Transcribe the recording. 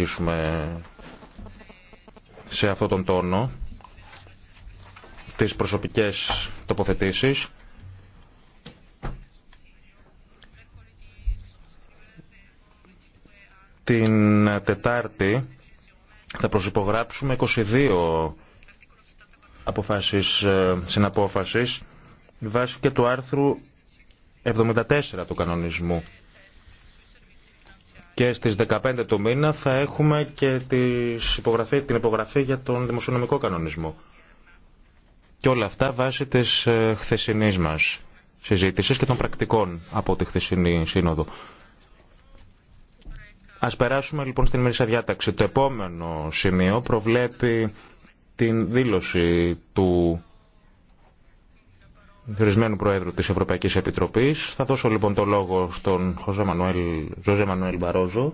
αρχίσουμε σε αυτόν τον τόνο τις προσωπικές τοποθετήσεις. Την Τετάρτη θα προσυπογράψουμε 22 αποφάσεις ε, συναπόφασης βάσει και του άρθρου 74 του κανονισμού και στις 15 του μήνα θα έχουμε και την υπογραφή για τον δημοσιονομικό κανονισμό. Και όλα αυτά βάσει της ε, χθεσινής μας συζήτησης και των πρακτικών από τη χθεσινή σύνοδο. Ας περάσουμε λοιπόν στην ημερήσια διάταξη. Το επόμενο σημείο προβλέπει την δήλωση του διορισμένου Προέδρου της Ευρωπαϊκής Επιτροπής. Θα δώσω λοιπόν το λόγο στον Ζωζέ Μανουέλ Μπαρόζο.